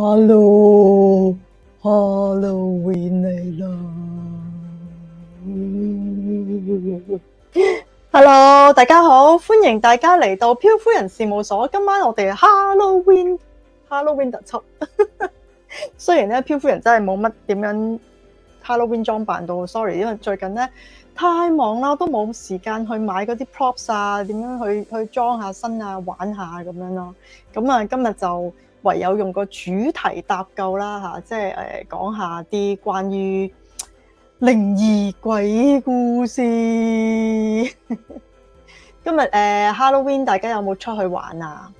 Hello，Halloween 嚟啦！Hello，大家好，歡迎大家嚟到漂夫人事務所。今晚我哋 Halloween，Halloween 特輯。 雖然咧，漂夫人真係冇乜點樣 Halloween 裝扮到，sorry，因為最近咧太忙啦，都冇時間去買嗰啲 props 啊，點樣去去裝下身啊，玩下咁、啊、樣咯。咁啊，今日就～唯有用個主題搭救啦嚇，即係誒講下啲關於靈異鬼故事。 今日、呃、Halloween，大家有冇出去玩啊？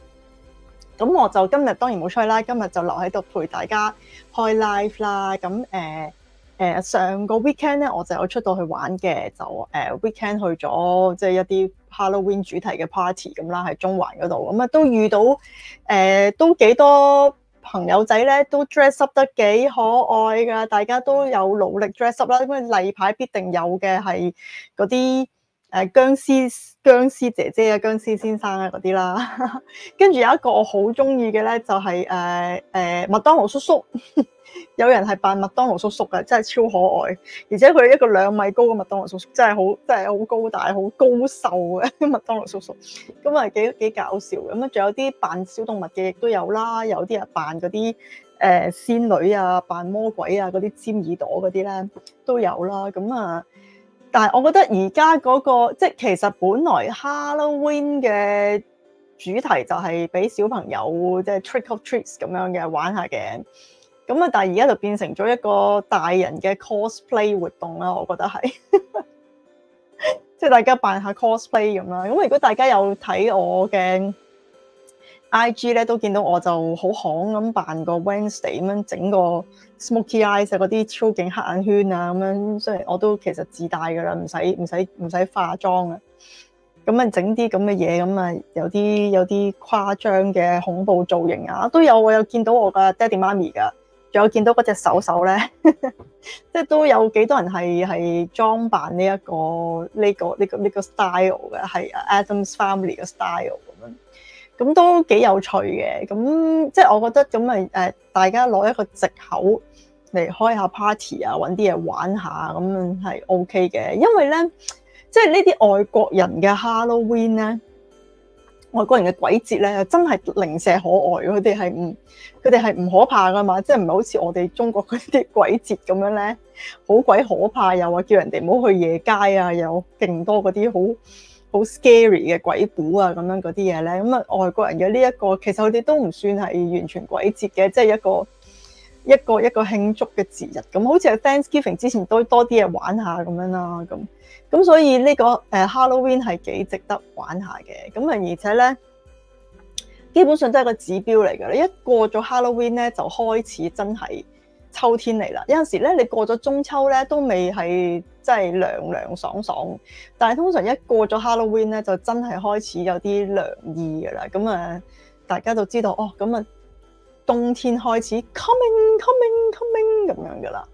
咁我就今日當然冇出去啦，今日就留喺度陪大家開 live 啦。咁、呃呃、上個 weekend 咧，我就有出到去玩嘅，就 weekend、呃、去咗即係一啲。Halloween 主題嘅 party 咁啦，喺中環嗰度咁啊，都遇到誒、呃，都幾多朋友仔咧，都 dress up 得幾可愛㗎，大家都有努力 dress up 啦，咁啊例牌必定有嘅係嗰啲。誒，僵屍僵屍姐姐啊，僵屍先生啊，嗰啲啦，跟住有一個我好中意嘅咧，就係誒誒麥當勞叔叔， 有人係扮麥當勞叔叔嘅，真係超可愛，而且佢一個兩米高嘅麥當勞叔叔，真係好真係好高大，好高瘦嘅 麥當勞叔叔，咁啊幾幾搞笑，咁啊仲有啲扮小動物嘅亦都有啦，有啲係扮嗰啲誒仙女啊，扮魔鬼啊，嗰啲尖耳朵嗰啲咧都有啦，咁啊。但係、那個就是，我覺得而家嗰個即係其實本來 Halloween 嘅主題就係俾小朋友即係 trick or treats 咁樣嘅玩下嘅，咁啊，但係而家就變成咗一個大人嘅 cosplay 活動啦，我覺得係，即係大家扮下 cosplay 咁啦。咁如果大家有睇我嘅 IG 咧，都見到我就好行咁扮個 Wednesday 咁樣整個。Smoky eyes 嗰啲超勁黑眼圈啊，咁樣，雖然我都其實自帶噶啦，唔使唔使唔使化妝啊。咁啊，整啲咁嘅嘢，咁啊，有啲有啲誇張嘅恐怖造型啊，都有我有見到我嘅 daddy 媽咪噶，仲有見到嗰隻手手咧，即 係都有幾多人係係裝扮呢、呢、一個呢、呢個呢、呢個呢、呢個 style 嘅，係 Adams Family 嘅 style 咁樣。咁都幾有趣嘅，咁即係我覺得咁咪誒大家攞一個藉口嚟開下 party 啊，搵啲嘢玩下咁樣係 OK 嘅，因為咧，即係呢啲外國人嘅 Halloween 咧，外國人嘅鬼節咧，真係零舍可愛，佢哋係唔佢哋係唔可怕噶嘛，即係唔係好似我哋中國嗰啲鬼節咁樣咧，好鬼可怕，又話叫人哋唔好去夜街啊，又勁多嗰啲好。好 scary 嘅鬼故啊，咁樣嗰啲嘢咧，咁啊外國人嘅呢一個其實佢哋都唔算係完全鬼節嘅，即係一個一個一個慶祝嘅節日，咁好似係 Thanksgiving 之前都多啲嘢玩下咁樣啦，咁咁所以呢個呃 Halloween 係幾值得玩下嘅，咁啊而且咧基本上都係個指標嚟㗎，你一過咗 Halloween 咧就開始真係。秋天嚟啦，有陣時咧，你過咗中秋咧都未係真係涼涼爽爽，但係通常一過咗 Halloween 咧，就真係開始有啲涼意噶啦。咁、嗯、啊，大家就知道哦，咁、嗯、啊，冬天開始 coming coming coming 咁樣噶啦。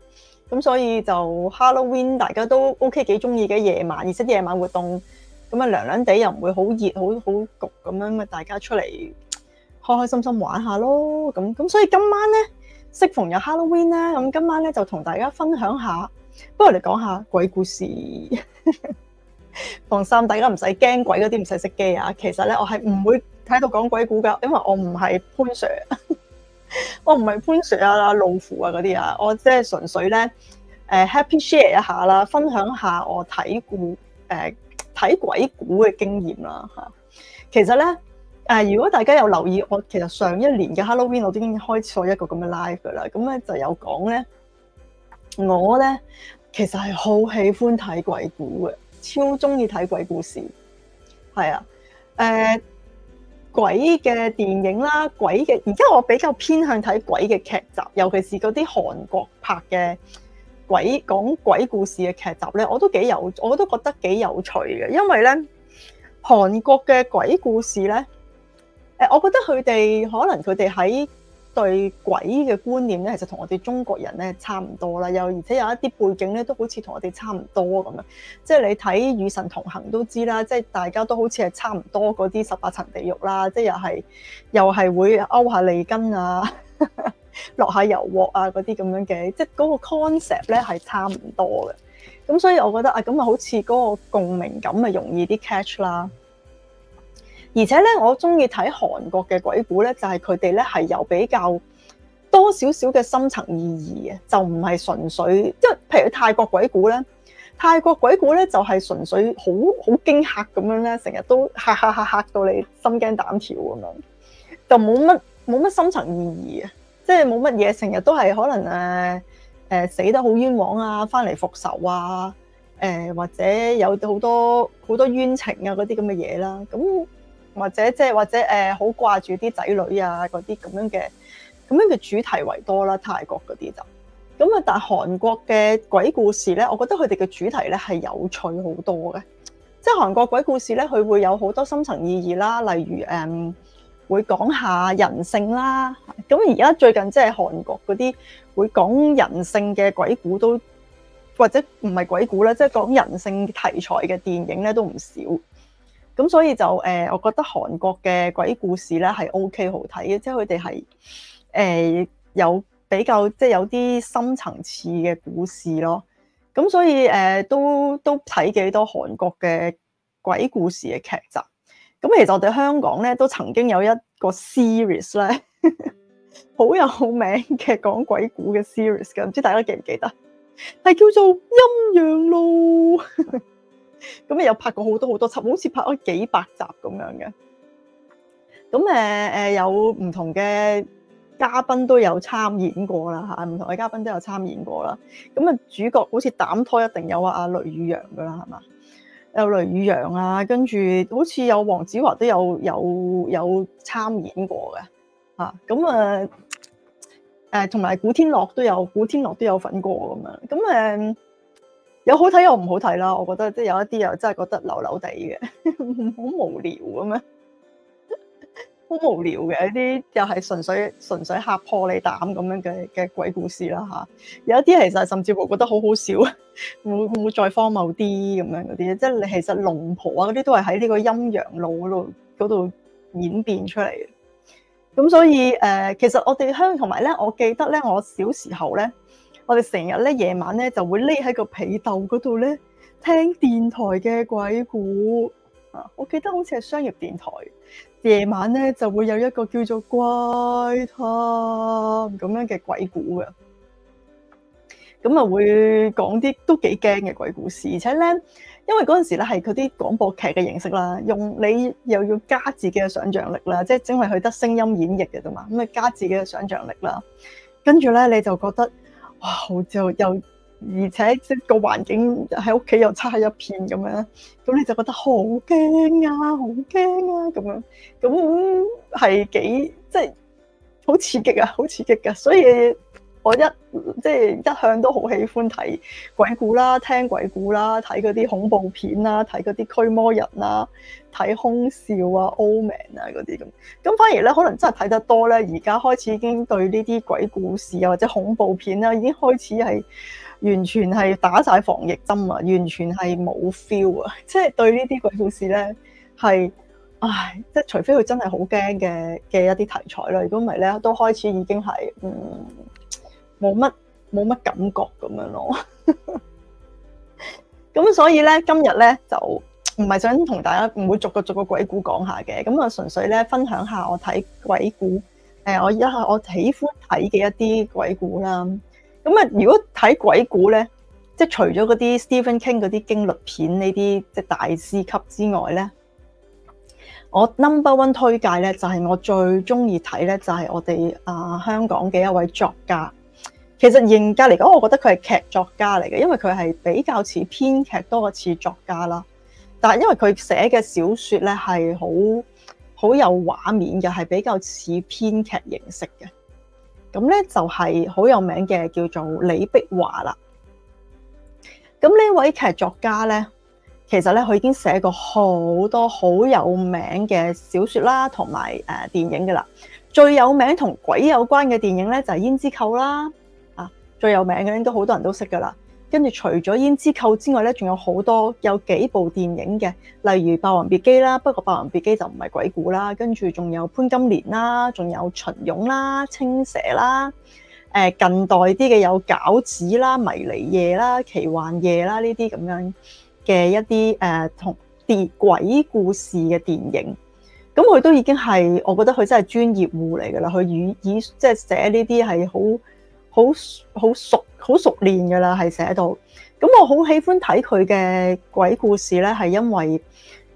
咁、嗯、所以就 Halloween 大家都 OK 幾中意嘅夜晚，而且夜晚活動，咁啊涼涼地又唔會好熱，好好焗咁樣，咁、嗯、啊大家出嚟開開心心玩下咯。咁、嗯、咁、嗯、所以今晚咧。適逢有 Halloween 咧，咁今晚咧就同大家分享下，不如我哋講下鬼故事。放 心，大家唔使驚鬼嗰啲，唔使熄機啊。其實咧，我係唔會喺度講鬼故噶，因為我唔係潘 Sir， 我唔係潘 Sir 啊、老虎啊嗰啲啊，我即係純粹咧誒、呃、Happy Share 一下啦，分享下我睇故誒睇、呃、鬼故嘅經驗啦嚇。其實咧。誒，如果大家有留意，我其實上一年嘅 Halloween 我已經開始咗一個咁嘅 live 噶啦，咁咧就有講咧，我咧其實係好喜歡睇鬼故嘅，超中意睇鬼故事，係啊，誒、呃、鬼嘅電影啦，鬼嘅而家我比較偏向睇鬼嘅劇集，尤其是嗰啲韓國拍嘅鬼講鬼故事嘅劇集咧，我都幾有，我都覺得幾有趣嘅，因為咧韓國嘅鬼故事咧。誒，我覺得佢哋可能佢哋喺對鬼嘅觀念咧，其實同我哋中國人咧差唔多啦。又而且有一啲背景咧，都好似同我哋差唔多咁樣。即係你睇與神同行都知啦，即係大家都好似係差唔多嗰啲十八層地獄啦，即係又係又係會勾下脷根啊，落 下油鑊啊嗰啲咁樣嘅，即係嗰個 concept 咧係差唔多嘅。咁所以我覺得啊，咁啊好似嗰個共鳴感咪容易啲 catch 啦。而且咧，我中意睇韓國嘅鬼故咧，就係佢哋咧係有比較多少少嘅深層意義嘅，就唔係純粹即係譬如泰國鬼故咧，泰國鬼故咧就係純粹好好驚嚇咁樣咧，成日都嚇嚇嚇嚇到你心驚膽跳咁樣，就冇乜冇乜深層意義嘅，即係冇乜嘢，成日都係可能誒誒死得好冤枉啊，翻嚟復仇啊，誒或者有好多好多冤情啊嗰啲咁嘅嘢啦，咁。或者即係或者誒好掛住啲仔女啊嗰啲咁樣嘅咁樣嘅主題為多啦，泰國嗰啲就咁啊。但韓國嘅鬼故事咧，我覺得佢哋嘅主題咧係有趣好多嘅。即係韓國鬼故事咧，佢會有好多深層意義啦，例如誒嗯會講下人性啦。咁而家最近即係韓國嗰啲會講人性嘅鬼故都或者唔係鬼故啦，即係講人性題材嘅電影咧都唔少。咁所以就誒、呃，我覺得韓國嘅鬼故事咧係 OK 好睇嘅，即係佢哋係誒有比較即係有啲深層次嘅故事咯。咁所以誒、呃、都都睇幾多韓國嘅鬼故事嘅劇集。咁其實我哋香港咧都曾經有一個 series 咧好 有名嘅講鬼故嘅 series 嘅，唔知大家記唔記得？係叫做《陰陽路》。 咁啊，有拍過好多好多集，好似拍咗幾百集咁樣嘅。咁誒誒，有唔同嘅嘉賓都有參演過啦吓，唔同嘅嘉賓都有參演過啦。咁啊，主角好似膽拖一定有啊，阿雷宇揚噶啦，係嘛？有雷宇揚啊，跟住好似有黃子華都有有有參演過嘅。吓，咁啊，誒，同埋古天樂都有，古天樂都有份過咁樣。咁誒。有好睇又唔好睇啦，我覺得即係有一啲又真係覺得流流地嘅，好無聊咁樣，好無聊嘅一啲又係純粹純粹吓破你膽咁樣嘅嘅鬼故事啦吓。有一啲其實甚至乎覺得好好笑，會唔會再荒謬啲咁樣嗰啲，即係你其實龍婆啊嗰啲都係喺呢個陰陽路嗰度度演變出嚟嘅。咁所以誒、呃，其實我哋鄉同埋咧，我記得咧，我小時候咧。我哋成日咧夜晚咧就會匿喺個被竇嗰度咧聽電台嘅鬼故啊！我記得好似係商業電台，夜晚咧就會有一個叫做怪談咁樣嘅鬼故嘅，咁啊會講啲都幾驚嘅鬼故事，而且咧因為嗰陣時咧係嗰啲廣播劇嘅形式啦，用你又要加自己嘅想像力啦，即係因為佢得聲音演繹嘅啫嘛，咁啊加自己嘅想像力啦，跟住咧你就覺得。哇！就又而且即個環境喺屋企又差一片咁樣，咁你就覺得好驚啊，好驚啊咁樣，咁係幾即係好刺激啊，好刺激嘅，所以。我一即係、就是、一向都好喜歡睇鬼故啦，聽鬼故啦，睇嗰啲恐怖片啦，睇嗰啲驅魔人啦，睇空少啊、Omen 啊嗰啲咁。咁反而咧，可能真係睇得多咧，而家開始已經對呢啲鬼故事啊或者恐怖片啊已經開始係完全係打晒防疫針啊，完全係冇 feel 啊！即、就、係、是、對呢啲鬼故事咧，係唉，即、就、係、是、除非佢真係好驚嘅嘅一啲題材啦，如果唔係咧，都開始已經係嗯。冇乜冇乜感覺咁樣咯，咁、嗯、所以咧今日咧就唔係想同大家唔會逐個逐個鬼故講下嘅，咁啊純粹咧分享下我睇鬼故，誒我一下我喜歡睇嘅一啲鬼故啦。咁啊如果睇鬼故咧，即係除咗嗰啲 Stephen King 嗰啲驚慄片呢啲即係大師級之外咧，我 Number One 推介咧就係我最中意睇咧就係我哋啊香港嘅一位作家。其實嚴格嚟講，我覺得佢係劇作家嚟嘅，因為佢係比較似編劇多過似作家啦。但係因為佢寫嘅小說咧係好好有畫面嘅，係比較似編劇形式嘅。咁咧就係好有名嘅叫做李碧華啦。咁呢位劇作家咧，其實咧佢已經寫過好多好有名嘅小說啦，同埋誒電影噶啦。最有名同鬼有關嘅電影咧就係《胭脂扣》啦。最有名嘅，應該好多人都識噶啦。跟住除咗胭脂扣之外咧，仲有好多有幾部電影嘅，例如《霸王別姬》啦，不過《霸王別姬》就唔係鬼故啦。跟住仲有潘金蓮啦，仲有秦俑》啦、青蛇啦。誒，近代啲嘅有餃子啦、迷離夜啦、奇幻夜啦呢啲咁樣嘅一啲誒同跌鬼故事嘅電影。咁佢都已經係，我覺得佢真係專業戶嚟噶啦。佢以以即係寫呢啲係好，好好熟好熟練嘅啦，係寫到。咁我好喜歡睇佢嘅鬼故事咧，係因為誒、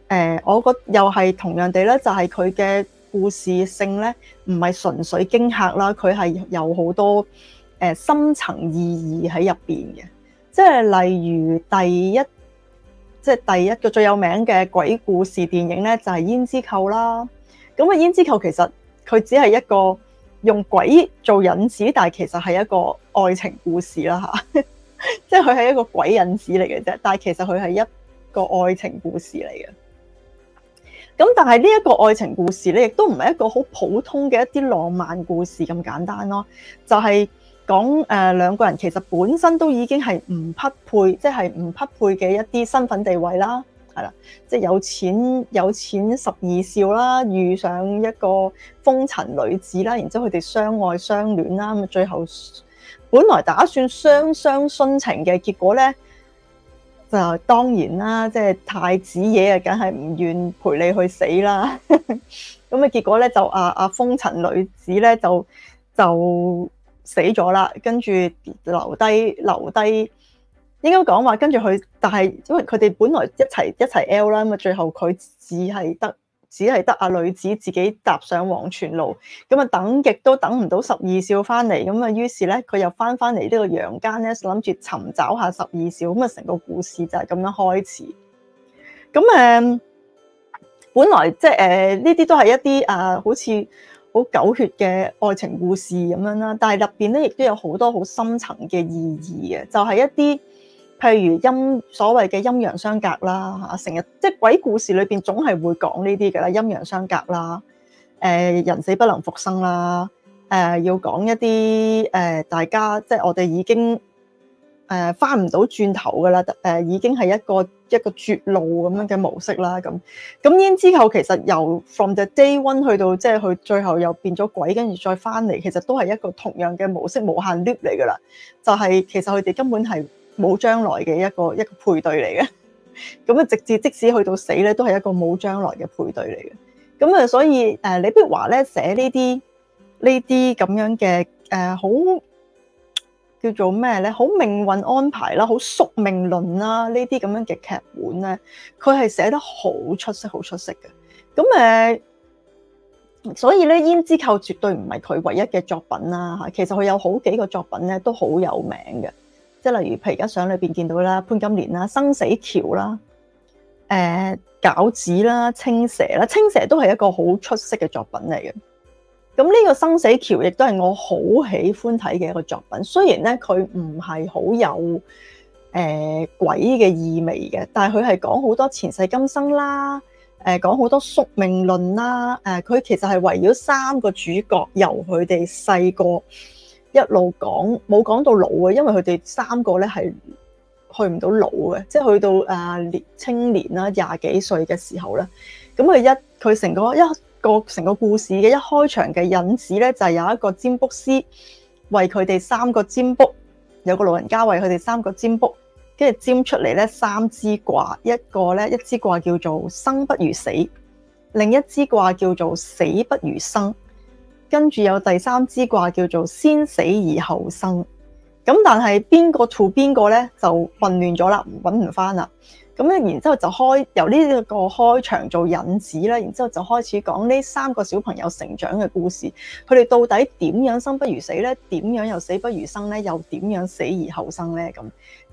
呃，我覺得又係同樣地咧，就係佢嘅故事性咧，唔係純粹驚嚇啦，佢係有好多誒、呃、深層意義喺入邊嘅。即係例如第一，即係第一個最有名嘅鬼故事電影咧，就係《胭脂扣》啦。咁啊，《胭脂扣》其實佢只係一個。用鬼做引子，但係其實係一個愛情故事啦，吓，即係佢係一個鬼引子嚟嘅啫。但係其實佢係一個愛情故事嚟嘅。咁但係呢一個愛情故事咧，亦都唔係一個好普通嘅一啲浪漫故事咁簡單咯，就係講誒，兩個人其實本身都已經係唔匹配，即係唔匹配嘅一啲身份地位啦。係啦，即係有錢有錢十二少啦，遇上一個風塵女子啦，然之後佢哋相愛相戀啦，咁最後本來打算雙雙殉情嘅，結果咧就當然啦，即係太子爺啊，梗係唔願陪你去死啦，咁 啊結果咧就阿、啊、阿、啊、風塵女子咧就就死咗啦，跟住留低留低。應該講話跟住佢，但係因為佢哋本來一齊一齊 L 啦，咁啊最後佢只係得只係得阿女子自己踏上黃泉路，咁啊等亦都等唔到十二少翻嚟，咁啊於是咧佢又翻翻嚟呢個陽間咧，諗住尋找下十二少，咁啊成個故事就係咁樣開始。咁誒，本來即係誒呢啲都係一啲啊好似好狗血嘅愛情故事咁樣啦，但係入邊咧亦都有好多好深層嘅意義嘅，就係一啲。譬如陰所謂嘅陰陽相隔啦，吓成日即係鬼故事裏邊總係會講呢啲嘅啦，陰陽相隔啦，誒，人死不能復生啦，誒、呃，要講一啲誒、呃，大家即係我哋已經誒翻唔到轉頭噶啦，誒、呃，已經係一個一個絕路咁樣嘅模式啦。咁咁然之後，其實由 from the day one 去到即係佢最後又變咗鬼，跟住再翻嚟，其實都係一個同樣嘅模式，無限 loop 嚟噶啦。就係、是、其實佢哋根本係。冇將來嘅一個一個配對嚟嘅，咁 啊直至即使去到死咧，都係一個冇將來嘅配對嚟嘅。咁啊，所以誒、呃、李碧華咧寫呢啲呢啲咁樣嘅誒、呃、好叫做咩咧？好命運安排啦，好宿命論啦、啊，呢啲咁樣嘅劇本咧，佢係寫得好出色，好出色嘅。咁誒、呃，所以咧《胭脂扣》絕對唔係佢唯一嘅作品啦、啊、吓。其實佢有好幾個作品咧都好有名嘅。即係例如，譬如而家相裏邊見到啦，潘金蓮啦，生死橋啦，誒、呃、餃子啦，青蛇啦，青蛇都係一個好出色嘅作品嚟嘅。咁呢個生死橋亦都係我好喜歡睇嘅一個作品。雖然咧，佢唔係好有誒、呃、鬼嘅意味嘅，但係佢係講好多前世今生啦，誒講好多宿命論啦。誒、呃、佢其實係圍繞三個主角，由佢哋細個。一路講冇講到老嘅，因為佢哋三個咧係去唔到老嘅，即係去到啊年青年啦，廿幾歲嘅時候咧，咁佢一佢成個一個成個故事嘅一開場嘅引子咧，就係有一個占卜師為佢哋三個占卜，有個老人家為佢哋三個占卜，跟住占出嚟咧三支卦，一個咧一支卦叫做生不如死，另一支卦叫做死不如生。跟住有第三支卦叫做先死而後生，咁但係邊個吐邊個咧就混亂咗啦，揾唔返啦。咁咧，然之後就開由呢一個開場做引子啦，然之後就開始講呢三個小朋友成長嘅故事，佢哋到底點樣生不如死咧？點樣又死不如生咧？又點樣死而後生咧？咁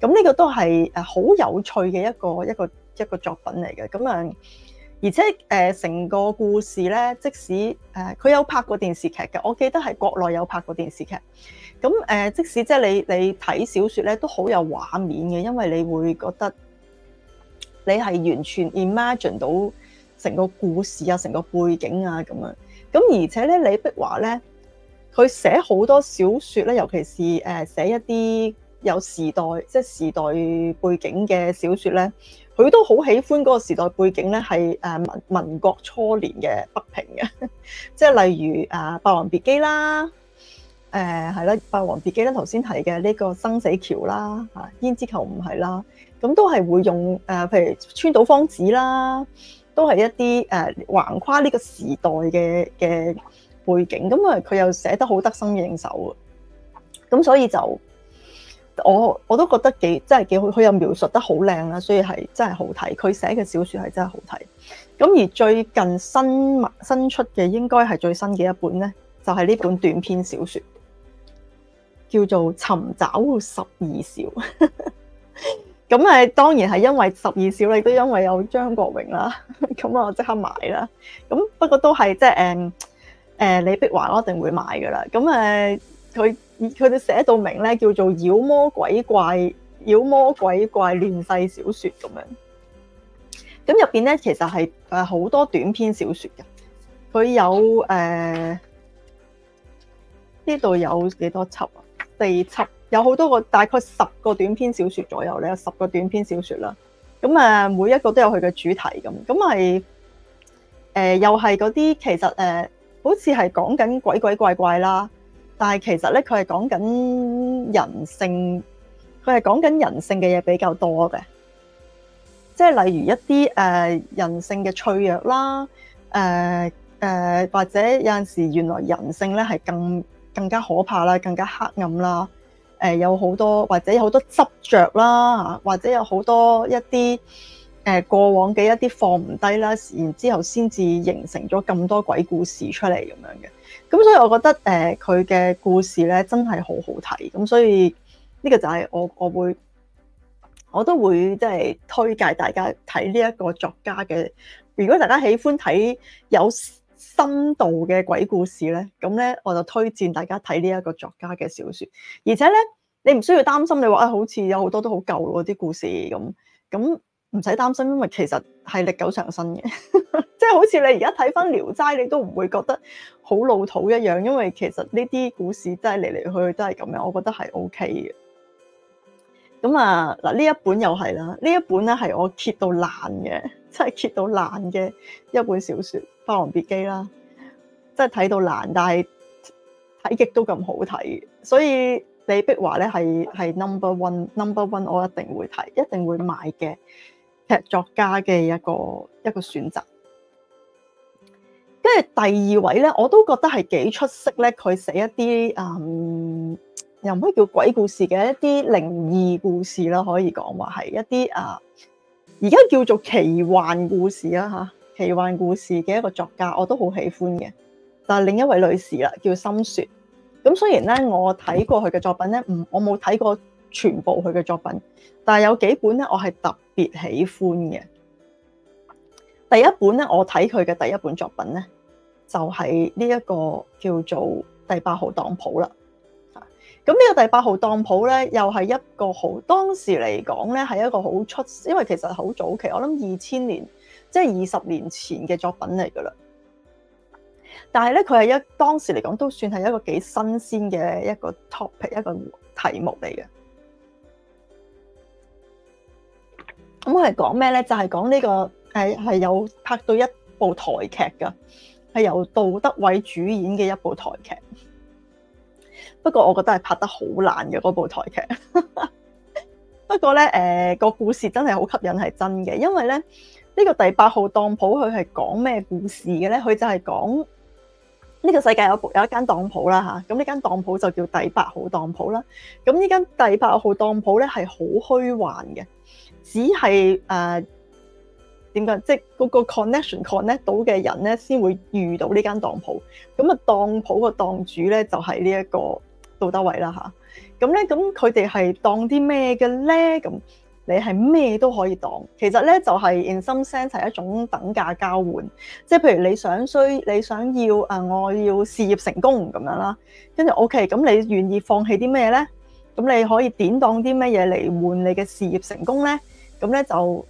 咁呢個都係誒好有趣嘅一個一個一個作品嚟嘅，咁啊。而且誒成、呃、個故事咧，即使誒佢、呃、有拍過電視劇嘅，我記得係國內有拍過電視劇。咁誒、呃，即使即係你你睇小説咧，都好有畫面嘅，因為你會覺得你係完全 imagine 到成個故事啊，成個背景啊咁樣。咁而且咧，李碧華咧佢寫好多小説咧，尤其是誒、呃、寫一啲，有時代即係時代背景嘅小説咧，佢都好喜歡嗰個時代背景咧係誒民民國初年嘅北平嘅，即 係例如誒啊、《霸王別姬》啦，誒係啦，《霸王別姬》咧頭先提嘅呢個《生死橋》啦，啊《胭脂扣》唔係啦，咁都係會用誒、啊，譬如川島芳子啦，都係一啲誒、啊、橫跨呢個時代嘅嘅背景，咁啊佢又寫得好得心應手啊，咁所以就。我我都覺得幾真係幾好，佢又描述得好靚啦，所以係真係好睇。佢寫嘅小説係真係好睇。咁而最近新新出嘅應該係最新嘅一本咧，就係呢本短篇小説叫做《尋找十二少》。咁 誒當然係因為十二少亦都因為有張國榮啦，咁啊我即刻買啦。咁不過都係即係誒誒李碧華囉一定會買噶啦。咁誒。佢佢哋寫到名咧，叫做妖《妖魔鬼怪》《妖魔鬼怪亂世小說》咁樣。咁入邊咧，其實係誒好多短篇小說嘅。佢有誒呢度有幾多輯啊？四輯，有好多個，大概十個短篇小說左右咧，有十個短篇小說啦。咁啊，每一個都有佢嘅主題咁，咁係誒又係嗰啲，其實誒、呃、好似係講緊鬼鬼怪怪啦。但係其實咧，佢係講緊人性，佢係講緊人性嘅嘢比較多嘅，即係例如一啲誒人性嘅脆弱啦，誒誒或者有陣時候原來人性咧係更更加可怕啦，更加黑暗啦，誒有好多或者有好多執着啦，或者有好多，多一啲。誒過往嘅一啲放唔低啦，然之後先至形成咗咁多鬼故事出嚟咁樣嘅。咁所以我覺得誒佢嘅故事咧真係好好睇。咁所以呢個就係我我會我都會即係推介大家睇呢一個作家嘅。如果大家喜歡睇有深度嘅鬼故事咧，咁咧我就推薦大家睇呢一個作家嘅小說。而且咧你唔需要擔心你話啊，好似有好多都好舊嗰啲故事咁咁。唔使擔心，因為其實係歷久常新嘅，即 係好似你而家睇翻《聊齋》，你都唔會覺得好老土一樣。因為其實呢啲故事真係嚟嚟去去都係咁樣，我覺得係 OK 嘅。咁啊嗱，呢一本又係啦，呢一本咧係我揭到爛嘅，即係揭到爛嘅一本小説《霸王別姬》啦，即係睇到爛，但係睇極都咁好睇。所以李碧華咧係係 Number One Number One，我一定會睇，一定會買嘅。劇作家嘅一個一個選擇，跟住第二位咧，我都覺得係幾出色咧。佢寫一啲嗯，又唔可以叫鬼故事嘅一啲靈異故事啦，可以講話係一啲啊，而家叫做奇幻故事啦吓，奇幻故事嘅一個作家，我都好喜歡嘅。但係另一位女士啦，叫深雪。咁雖然咧，我睇過佢嘅作品咧，唔，我冇睇過全部佢嘅作品，但係有幾本咧，我係特。特別喜歡嘅，第一本咧，我睇佢嘅第一本作品咧，就係呢一個叫做《第八號當鋪》啦。咁呢個第八號當鋪咧，又係一個好當時嚟講咧，係一個好出，因為其實好早期，我諗二千年，即係二十年前嘅作品嚟噶啦。但係咧，佢係一當時嚟講都算係一個幾新鮮嘅一個 topic，一個題目嚟嘅。咁係講咩咧？就係講呢個係有拍到一部台劇噶，係由杜德偉主演嘅一部台劇。不過我覺得係拍得好爛嘅嗰部台劇。 不過咧，誒、呃那個故事真係好吸引，係真嘅。因為咧呢、這個第八號當鋪佢係講咩故事嘅咧？佢就係講。呢個世界有有一間當鋪啦嚇，咁呢間當鋪就叫第八號當鋪啦。咁呢間第八號當鋪咧係好虛幻嘅，只係誒點講，即係嗰個 connection connect 到嘅人咧，先會遇到呢間當鋪。咁啊，當鋪個當主咧就係、是、呢一個杜德偉啦嚇。咁咧，咁佢哋係當啲咩嘅咧？咁。你係咩都可以當，其實咧就係 in some sense 係一種等價交換，即係譬如你想需你想要啊，我要事業成功咁樣啦，跟住 OK，咁你願意放棄啲咩咧？咁你可以典當啲咩嘢嚟換你嘅事業成功咧？咁咧就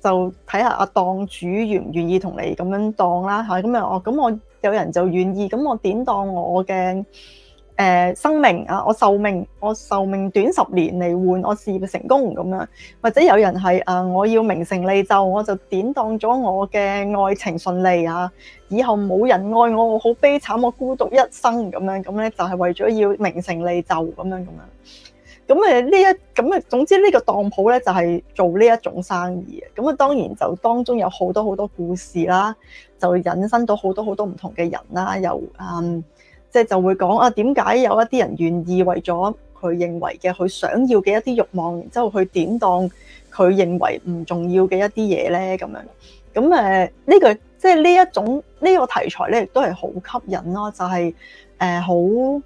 就睇下阿檔主願唔願意同你咁樣當啦嚇，咁樣哦，咁我有人就願意，咁我典當我嘅。誒、呃、生命啊，我壽命我壽命短十年嚟換我事業成功咁樣，或者有人係啊、呃，我要名成利就，我就典當咗我嘅愛情順利啊，以後冇人愛我，我好悲慘，我孤獨一生咁樣咁咧，就係、是、為咗要名成利就咁樣咁樣。咁誒呢一咁誒總之這個呢個當鋪咧就係、是、做呢一種生意嘅，咁啊當然就當中有好多好多故事啦，就引申到好多好多唔同嘅人啦，又嗯。即係就，就會講啊，點解有一啲人願意為咗佢認為嘅佢想要嘅一啲慾望，然之後去典當佢認為唔重要嘅一啲嘢咧？咁樣，咁誒呢個即係呢一種呢個題材咧，亦都係好吸引咯、啊，就係誒好。呃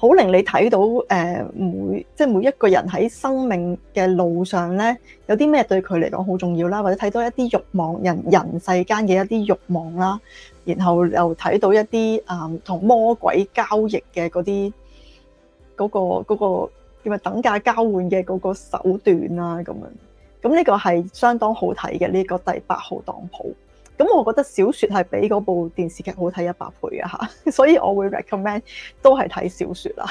好令你睇到每，即係每一個人喺生命嘅路上咧，有啲咩對佢嚟講好重要啦，或者睇到一啲欲望、人人世間嘅一啲欲望啦，然後又睇到一啲啊同魔鬼交易嘅嗰啲嗰個嗰個嗰個叫咩等價交換嘅嗰個手段啦，咁樣咁呢個係相當好睇嘅呢個第八號當舖。咁我覺得小説係比嗰部電視劇好睇一百倍嘅嚇，所以我會 recommend 都係睇小説啦。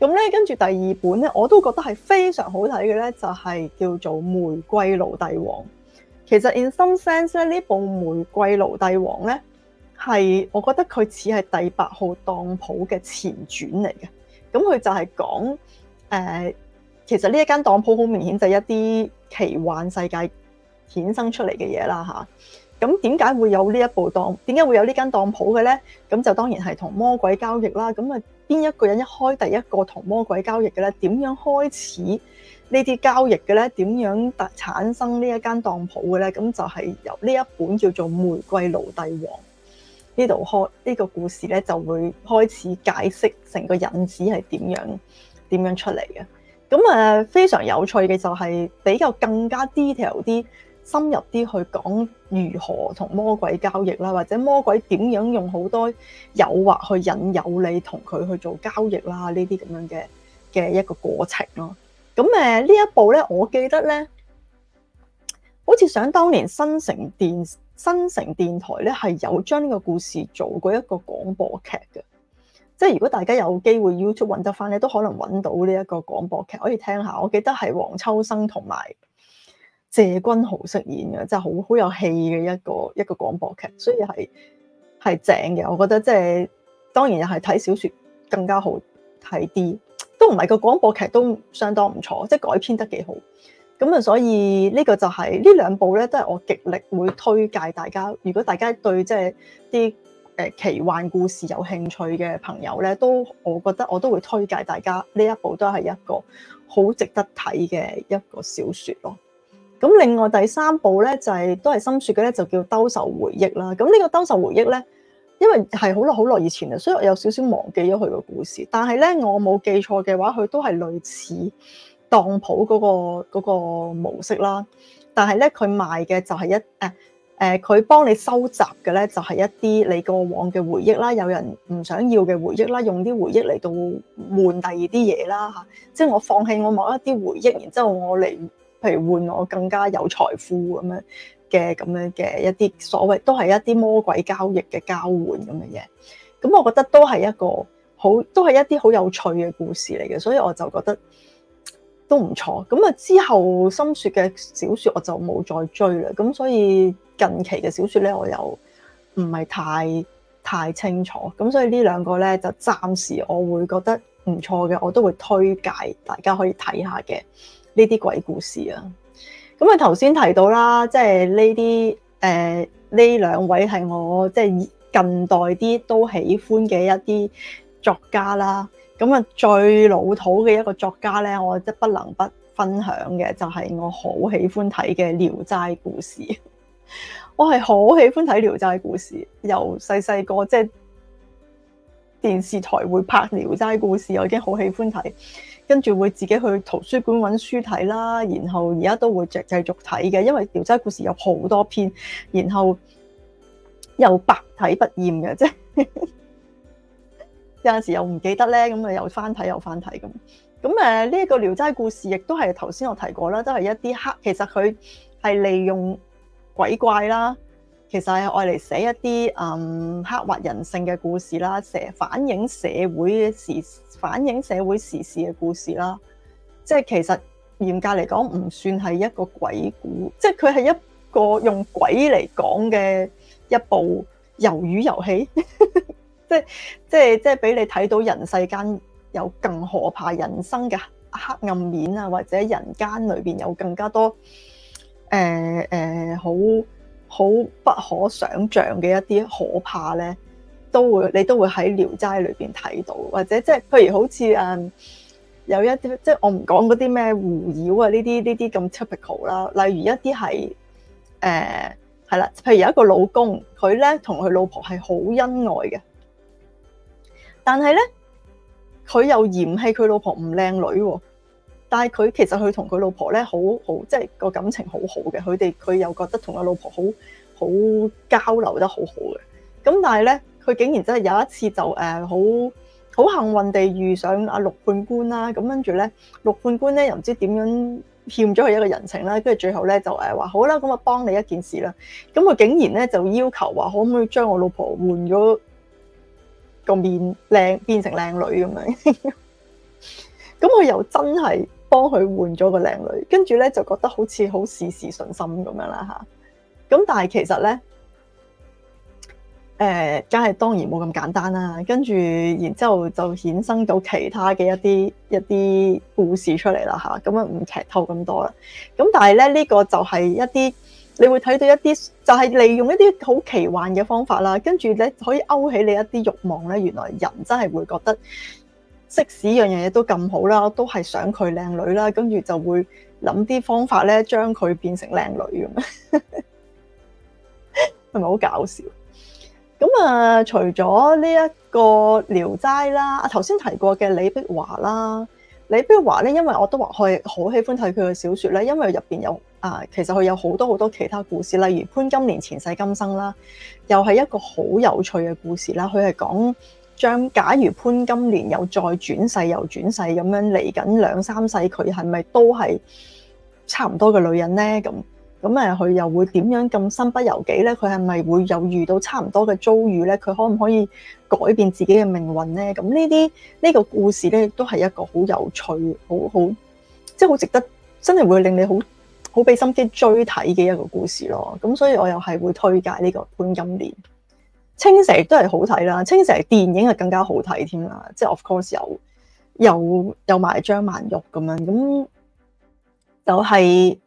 咁 咧跟住第二本咧，我都覺得係非常好睇嘅咧，就係、是、叫做《玫瑰奴隸王》。其實 in some sense 咧，呢部《玫瑰奴隸王》咧係我覺得佢似係《第八號當鋪》嘅前傳嚟嘅。咁佢就係講誒，其實呢一間當鋪好明顯就係一啲奇幻世界。衍生出嚟嘅嘢啦吓，咁點解會有呢一部當？點解會有這呢間當鋪嘅咧？咁就當然係同魔鬼交易啦。咁啊，邊一個人一開第一個同魔鬼交易嘅咧？點樣開始呢啲交易嘅咧？點樣大產生這一呢一間當鋪嘅咧？咁就係由呢一本叫做《玫瑰奴隸王》呢度開呢、這個故事咧，就會開始解釋成個引子係點樣點樣出嚟嘅。咁啊，非常有趣嘅就係比較更加 detail 啲。深入啲去講如何同魔鬼交易啦，或者魔鬼點樣用好多誘惑去引誘你同佢去做交易啦，呢啲咁樣嘅嘅一個過程咯。咁誒呢一部咧，我記得咧，好似想當年新城電新城電台咧係有將呢個故事做過一個廣播劇嘅。即係如果大家有機會 YouTube 揾得翻咧，都可能揾到呢一個廣播劇可以聽下。我記得係黃秋生同埋謝君豪飾演嘅，即係好好有戲嘅一個一個廣播劇，所以係係正嘅。我覺得即係當然又係睇小說更加好睇啲，都唔係個廣播劇都相當唔錯，即係改編得幾好。咁啊，所以呢個就係呢兩部咧，都係我極力會推介大家。如果大家對即係啲誒奇幻故事有興趣嘅朋友咧，都我覺得我都會推介大家呢一部都係一個好值得睇嘅一個小說咯。咁另外第三部咧就係、是、都係深雪嘅咧，就叫兜售回憶啦。咁呢、這個兜售回憶咧，因為係好耐好耐以前啦，所以我有少少忘記咗佢個故事。但係咧，我冇記錯嘅話，佢都係類似當鋪嗰個、那個模式啦。但係咧，佢賣嘅就係一誒誒，佢、呃、幫、呃、你收集嘅咧就係、是、一啲你過往嘅回憶啦，有人唔想要嘅回憶啦，用啲回憶嚟到換第二啲嘢啦吓。即、就、係、是、我放棄我某一啲回憶，然之後我嚟。譬如換我更加有財富咁樣嘅咁樣嘅一啲所謂都係一啲魔鬼交易嘅交換咁嘅嘢，咁我覺得都係一個好都係一啲好有趣嘅故事嚟嘅，所以我就覺得都唔錯。咁啊之後深雪嘅小說我就冇再追啦，咁所以近期嘅小說咧我又唔係太太清楚，咁所以這兩呢兩個咧就暫時我會覺得唔錯嘅，我都會推介大家可以睇下嘅。呢啲鬼故事啊！咁啊，頭先提到啦，即係呢啲誒，呢、呃、兩位係我即係、就是、近代啲都喜歡嘅一啲作家啦。咁啊，最老土嘅一個作家咧，我即不能不分享嘅，就係、是、我好喜歡睇嘅《聊齋故事》。我係好喜歡睇《聊齋故事》小，由細細個即係電視台會拍《聊齋故事》，我已經好喜歡睇。跟住會自己去圖書館揾書睇啦，然後而家都會直繼續睇嘅，因為聊齋故事有好多篇，然後又百睇不厭嘅，即 有陣時又唔記得咧，咁啊又翻睇又翻睇咁。咁誒呢一個聊齋故事亦都係頭先我提過啦，都係一啲黑，其實佢係利用鬼怪啦。其實係愛嚟寫一啲嗯刻畫人性嘅故事啦，社反映社會時反映社會時事嘅故事啦。即係其實嚴格嚟講，唔算係一個鬼故，即係佢係一個用鬼嚟講嘅一部魷魚遊戲。即即即俾你睇到人世間有更可怕人生嘅黑暗面啊，或者人間裏邊有更加多誒誒、呃呃、好。好不可想像嘅一啲可怕咧，都會你都會喺聊齋裏邊睇到，或者即係譬如好似嗯有一啲即係我唔講嗰啲咩狐妖啊呢啲呢啲咁 typical 啦，例如一啲係誒係啦，譬如有一個老公佢咧同佢老婆係好恩愛嘅，但係咧佢又嫌棄佢老婆唔靚女喎。但係佢其實佢同佢老婆咧好好，即係個感情好好嘅。佢哋佢又覺得同佢老婆好好交流得好好嘅。咁但係咧，佢竟然真係有一次就誒好好幸運地遇上阿陸判官啦。咁跟住咧，陸判官咧又唔知點樣欠咗佢一個人情啦。跟住最後咧就誒話好啦，咁我幫你一件事啦。咁佢竟然咧就要求話可唔可以將我老婆換咗個面靚變成靚女咁樣？咁 佢又真係。幫佢換咗個靚女，跟住咧就覺得好似好事事順心咁樣啦吓，咁、啊、但係其實咧，誒、呃，梗係當然冇咁簡單啦。跟住，然之後就衍生到其他嘅一啲一啲故事出嚟啦吓，咁啊唔劇透咁多啦。咁、啊、但係咧呢、呢個就係一啲，你會睇到一啲，就係、是、利用一啲好奇幻嘅方法啦，跟住咧可以勾起你一啲欲望咧。原來人真係會覺得。即使樣樣嘢都咁好啦，我都係想佢靚女啦，跟住就會諗啲方法咧，將佢變成靚女咁，係咪好搞笑？咁啊，除咗呢一個《聊齋》啦，啊，啊頭先提過嘅李碧華啦，李碧華咧，因為我都話佢好喜歡睇佢嘅小説咧，因為入邊有啊，其實佢有好多好多其他故事，例如《潘金蓮前世今生》啦，又係一個好有趣嘅故事啦，佢係講。將假如潘金蓮又再轉世又轉世咁樣嚟緊兩三世，佢係咪都係差唔多嘅女人呢？咁咁誒，佢又會點樣咁身不由己呢？佢係咪會有遇到差唔多嘅遭遇呢？佢可唔可以改變自己嘅命運呢？咁呢啲呢個故事咧，都係一個好有趣、好好即係好值得，真係會令你好好俾心機追睇嘅一個故事咯。咁所以我又係會推介呢個潘金蓮。青蛇都係好睇啦，青蛇電影係更加好睇添啦。即係 of course 有有有埋張曼玉咁樣咁，就係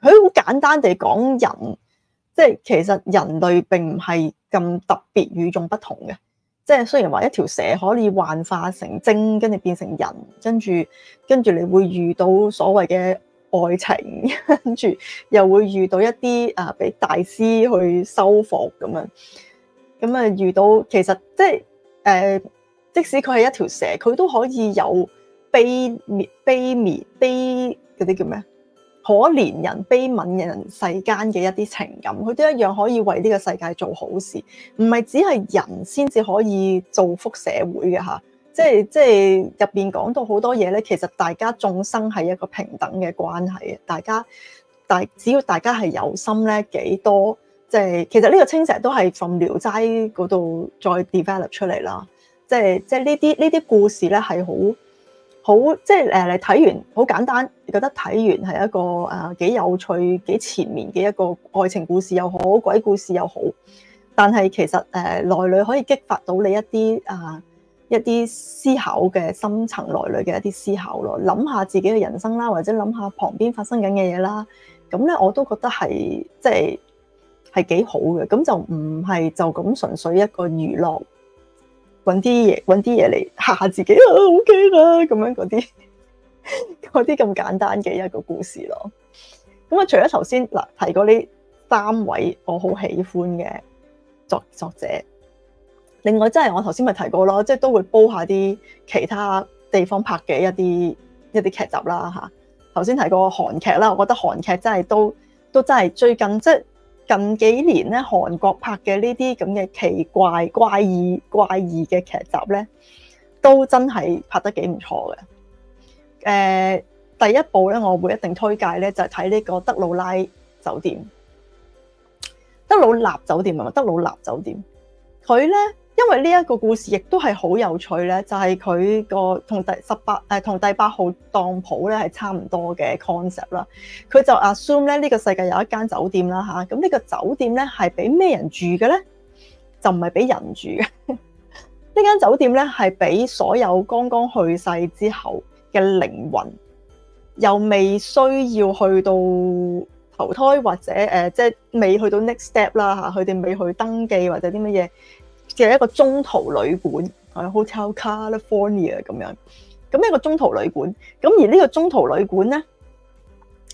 佢好簡單地講人，即係其實人類並唔係咁特別與眾不同嘅。即係雖然話一條蛇可以幻化成精，跟住變成人，跟住跟住你會遇到所謂嘅愛情，跟住又會遇到一啲啊俾大師去收服咁樣。咁啊、嗯，遇到其實即係誒、呃，即使佢係一條蛇，佢都可以有悲憫、悲憫、悲嗰啲叫咩？可憐人、悲憫人世間嘅一啲情感，佢都一樣可以為呢個世界做好事。唔係只係人先至可以造福社會嘅嚇。即係即係入邊講到好多嘢咧，其實大家眾生係一個平等嘅關係啊！大家大只要大家係有心咧，幾多？即係、就是，其實呢個青蛇都係從聊齋嗰度再 develop 出嚟啦、就是。即、就、係、是，即係呢啲呢啲故事咧，係好好即係誒，你睇、就是、完好簡單，覺得睇完係一個啊幾有趣、幾纏綿嘅一個愛情故事又好，鬼故事又好。但係其實誒、啊、內裏可以激發到你一啲啊一啲思考嘅深層內裏嘅一啲思考咯，諗下自己嘅人生啦，或者諗下旁邊發生緊嘅嘢啦。咁咧我都覺得係即係。就是係幾好嘅，咁就唔係就咁純粹一個娛樂，搵啲嘢搵啲嘢嚟吓下自己啊，OK 啦，咁樣嗰啲嗰啲咁簡單嘅一個故事咯。咁啊，除咗頭先嗱提過呢三位我好喜歡嘅作作者，另外真係我頭先咪提過咯，即係都會煲下啲其他地方拍嘅一啲一啲劇集啦吓。頭先提過韓劇啦，我覺得韓劇真係都都真係最近即係。近幾年咧，韓國拍嘅呢啲咁嘅奇怪、怪異、怪異嘅劇集咧，都真係拍得幾唔錯嘅。誒、呃，第一部咧，我會一定推介咧，就係睇呢個《德魯納酒店》。德魯納酒店係咪？德魯納酒店，佢咧。因為呢一個故事亦都係好有趣咧，就係佢個同第十八、誒同第八號當舖咧係差唔多嘅 concept 啦。佢就 assume 咧呢個世界有一間酒店啦，嚇，咁呢個酒店咧係俾咩人住嘅咧？就唔係俾人住嘅呢， 間酒店咧係俾所有剛剛去世之後嘅靈魂，又未需要去到投胎或者誒，即係未去到 next step 啦，嚇。佢哋未去登記或者啲乜嘢。嘅一個中途旅館，係，Hotel California 咁樣，咁一個中途旅館，咁而呢個中途旅館咧，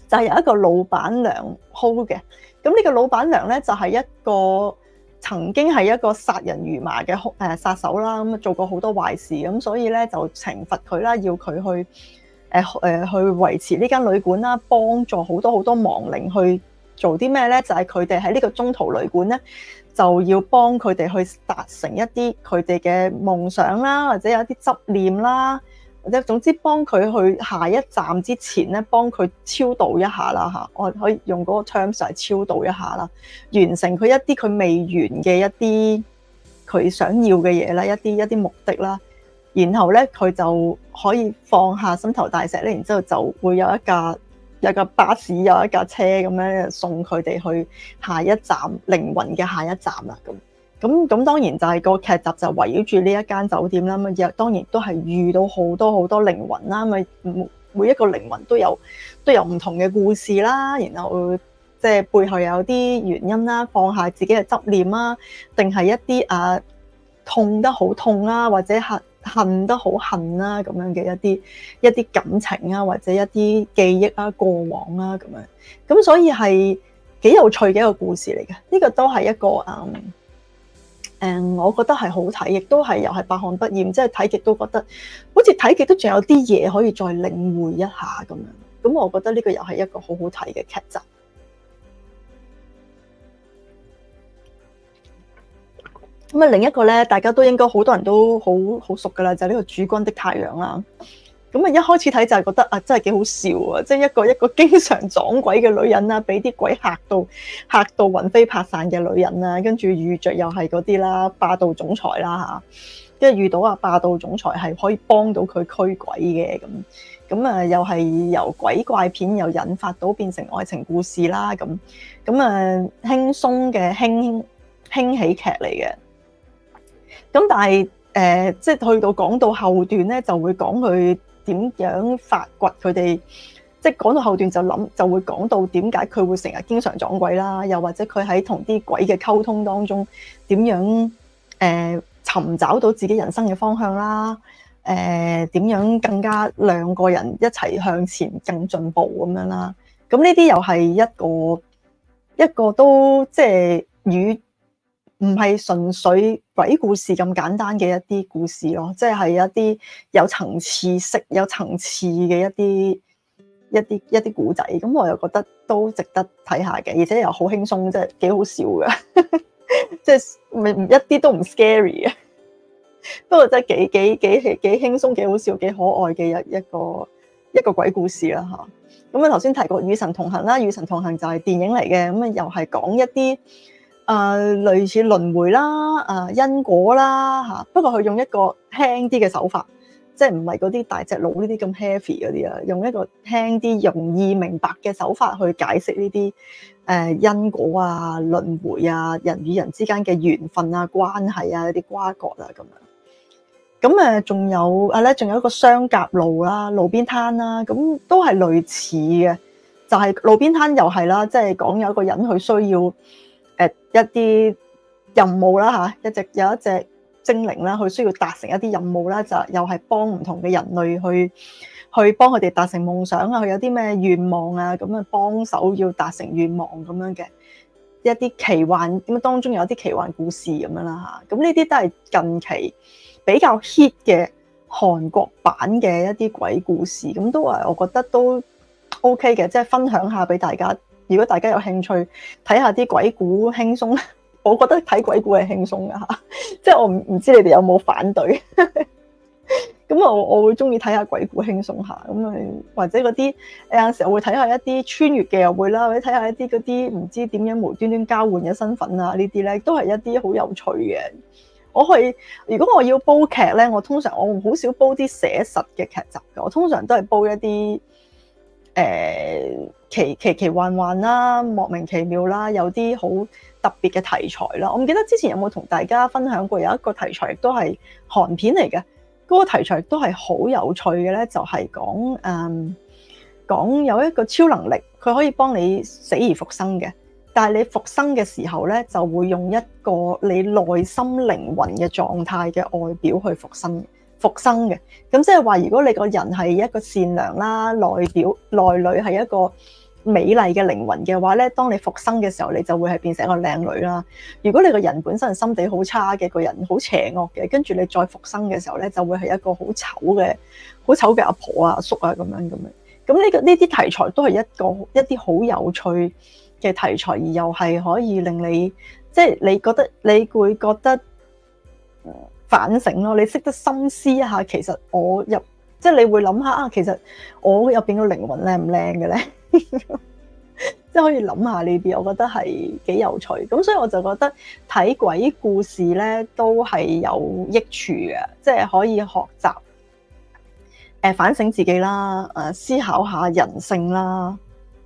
就係由一個老闆娘 hold 嘅，咁呢個老闆娘咧就係一個曾經係一個殺人如麻嘅兇誒殺手啦，咁做過好多壞事，咁所以咧就懲罰佢啦，要佢去誒誒、呃、去維持呢間旅館啦，幫助好多好多亡靈去做啲咩咧，就係佢哋喺呢個中途旅館咧。就要幫佢哋去達成一啲佢哋嘅夢想啦，或者有一啲執念啦，或者總之幫佢去下一站之前咧，幫佢超度一下啦吓，我可以用嗰個 terms 嚟超度一下啦，完成佢一啲佢未完嘅一啲佢想要嘅嘢啦，一啲一啲目的啦，然後咧佢就可以放下心頭大石咧，然之後就會有一架。有架巴士，有一架車咁樣送佢哋去下一站，靈魂嘅下一站啦。咁咁咁當然就係個劇集就圍繞住呢一間酒店啦。咁又當然都係遇到好多好多靈魂啦。咁每一個靈魂都有都有唔同嘅故事啦。然後即係背後有啲原因啦，放下自己嘅執念啦，定係一啲啊痛得好痛啦，或者係，恨得好恨啦、啊，咁樣嘅一啲一啲感情啊，或者一啲記憶啊、過往啊咁樣，咁所以係幾有趣嘅一個故事嚟嘅。呢個都係一個嗯，誒、嗯，我覺得係好睇，亦都係又係百看不厭，即係睇極都覺得好似睇極都仲有啲嘢可以再領會一下咁樣。咁我覺得呢個又係一個好好睇嘅劇集。咁啊，另一個咧，大家都應該好多人都好好熟噶啦，就係、是、呢個《主君的太陽》啦。咁啊，一開始睇就係覺得啊，真係幾好笑啊！即、就、係、是、一個一個經常撞鬼嘅女人啦，俾、啊、啲鬼嚇到嚇到魂飛魄散嘅女人啦、啊，跟住遇着又係嗰啲啦，霸道總裁啦吓，即、啊、係遇到啊霸道總裁係可以幫到佢驅鬼嘅咁咁啊，又係由鬼怪片又引發到變成愛情故事啦，咁咁啊，輕鬆嘅輕輕喜劇嚟嘅。咁但係誒、呃、即係去到講到後段咧，就會講佢點樣發掘佢哋。即係講到後段就諗就會講到點解佢會成日經常撞鬼啦，又或者佢喺同啲鬼嘅溝通當中點樣誒尋、呃、找到自己人生嘅方向啦。誒、呃、點樣更加兩個人一齊向前更進步咁樣啦。咁呢啲又係一個一個都即係與唔係純粹鬼故事咁簡單嘅一啲故事咯，即係一啲有層次式、有層次嘅一啲一啲一啲古仔，咁我又覺得都值得睇下嘅，而且又好輕鬆，即係幾好笑嘅，即係唔唔一啲都唔 scary 嘅。不過 真係幾幾幾輕幾輕鬆幾好笑幾可愛嘅一一個一個,一個鬼故事啦嚇。咁啊頭先提過《與神同行》啦，《與神同行》就係電影嚟嘅，咁啊又係講一啲。誒、呃、類似輪迴啦，誒、呃、因果啦嚇，不過佢用一個輕啲嘅手法，即係唔係嗰啲大隻佬呢啲咁 heavy 嗰啲啊，用一個輕啲容易明白嘅手法去解釋呢啲誒因果啊、輪迴啊、人與人之間嘅緣分啊、關係啊、一啲瓜葛啊咁樣。咁誒仲有啊咧，仲有一個雙甲路啦、啊、路邊攤啦、啊，咁都係類似嘅，就係、是、路邊攤又係啦，即、就、係、是、講有一個人佢需要，誒，一啲任務啦吓，一直有一隻精靈啦，佢需要達成一啲任務啦，就又係幫唔同嘅人類去去幫佢哋達成夢想啊，佢有啲咩願望啊，咁啊幫手要達成願望咁樣嘅一啲奇幻咁啊當中有啲奇幻故事咁樣啦吓，咁呢啲都係近期比較 hit 嘅韓國版嘅一啲鬼故事，咁都係我覺得都 OK 嘅，即係分享下俾大家。如果大家有興趣睇下啲鬼故輕鬆，我覺得睇鬼故係輕鬆㗎吓，即係我唔唔知你哋有冇反對。咁 我我會中意睇下鬼故輕鬆下，咁啊或者嗰啲有陣時候會睇下一啲穿越嘅又會啦，或者睇下一啲嗰啲唔知點樣無端端交換嘅身份啊，呢啲咧都係一啲好有趣嘅。我係如果我要煲劇咧，我通常我好少煲啲寫實嘅劇集嘅，我通常都係煲一啲誒。欸奇奇奇幻幻啦，莫名其妙啦，有啲好特別嘅題材啦。我唔記得之前有冇同大家分享過，有一個題材亦都係韓片嚟嘅，嗰個題材都係好有趣嘅咧，就係講誒，講、嗯、有一個超能力，佢可以幫你死而復生嘅，但係你復生嘅時候咧，就會用一個你內心靈魂嘅狀態嘅外表去復生復生嘅。咁即係話，如果你個人係一個善良啦，內表內裏係一個。美麗嘅靈魂嘅話咧，當你復生嘅時候，你就會係變成一個靚女啦。如果你個人本身心地好差嘅，個人好邪惡嘅，跟住你再復生嘅時候咧，就會係一個好醜嘅、好醜嘅阿婆啊、阿叔啊咁樣咁樣。咁呢個呢啲題材都係一個一啲好有趣嘅題材，而又係可以令你即係、即係、你覺得你會覺得反省咯。你識得深思一下，其實我入。即係你會諗下啊，其實我入邊個靈魂靚唔靚嘅咧？即 係可以諗下呢啲，我覺得係幾有趣。咁所以我就覺得睇鬼故事咧都係有益處嘅，即係可以學習誒、呃、反省自己啦，誒、呃、思考下人性啦，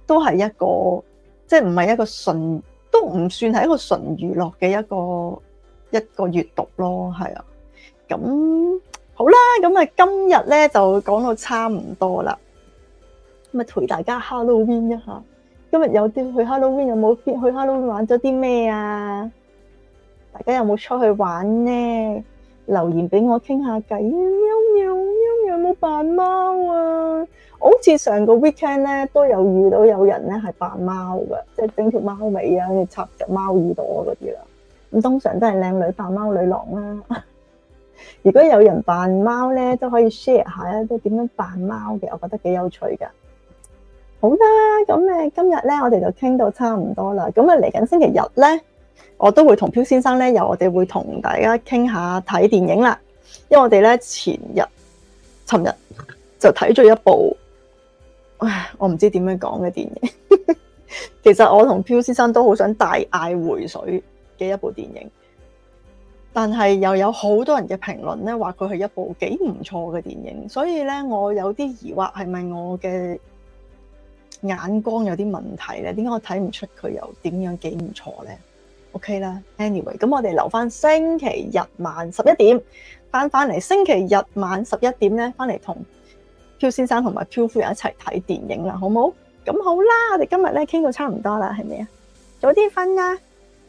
都係一個即係唔係一個純，都唔算係一個純娛樂嘅一個一個閱讀咯，係啊，咁。好啦，咁啊，今日咧就講到差唔多啦，咁啊陪大家 Halloween 一下。今日有啲去 Halloween 有冇去 Halloween 玩咗啲咩啊？大家有冇出去玩咧？留言俾我傾下偈。喵喵喵，喵，喵有冇扮貓啊？我好似上個 weekend 咧都有遇到有人咧係扮貓噶，即係整條貓尾啊，插隻貓耳朵嗰啲啦。咁通常都係靚女扮貓女郎啦。如果有人扮貓咧，都可以 share 下咧，都點樣扮貓嘅，我覺得幾有趣噶。好啦，咁今日咧，我哋就傾到差唔多啦。咁啊，嚟緊星期日咧，我都會同漂先生咧，由我哋會同大家傾下睇電影啦。因為我哋咧前日、尋日就睇咗一部，唉我唔知點樣講嘅電影。 其實我同漂先生都好想大嗌「回水」嘅一部電影。但係又有好多人嘅評論咧，話佢係一部幾唔錯嘅電影，所以咧我有啲疑惑，係咪我嘅眼光有啲問題咧？點解我睇唔出佢又點樣幾唔錯咧？OK 啦，anyway，咁我哋留翻星期日晚十一點翻返嚟，翻嚟星期日晚十一點咧翻嚟同 Q 先生同埋 Q 夫人一齊睇電影啦，好唔好？咁好啦，我哋今日咧傾到差唔多啦，係咪啊？早啲瞓啦。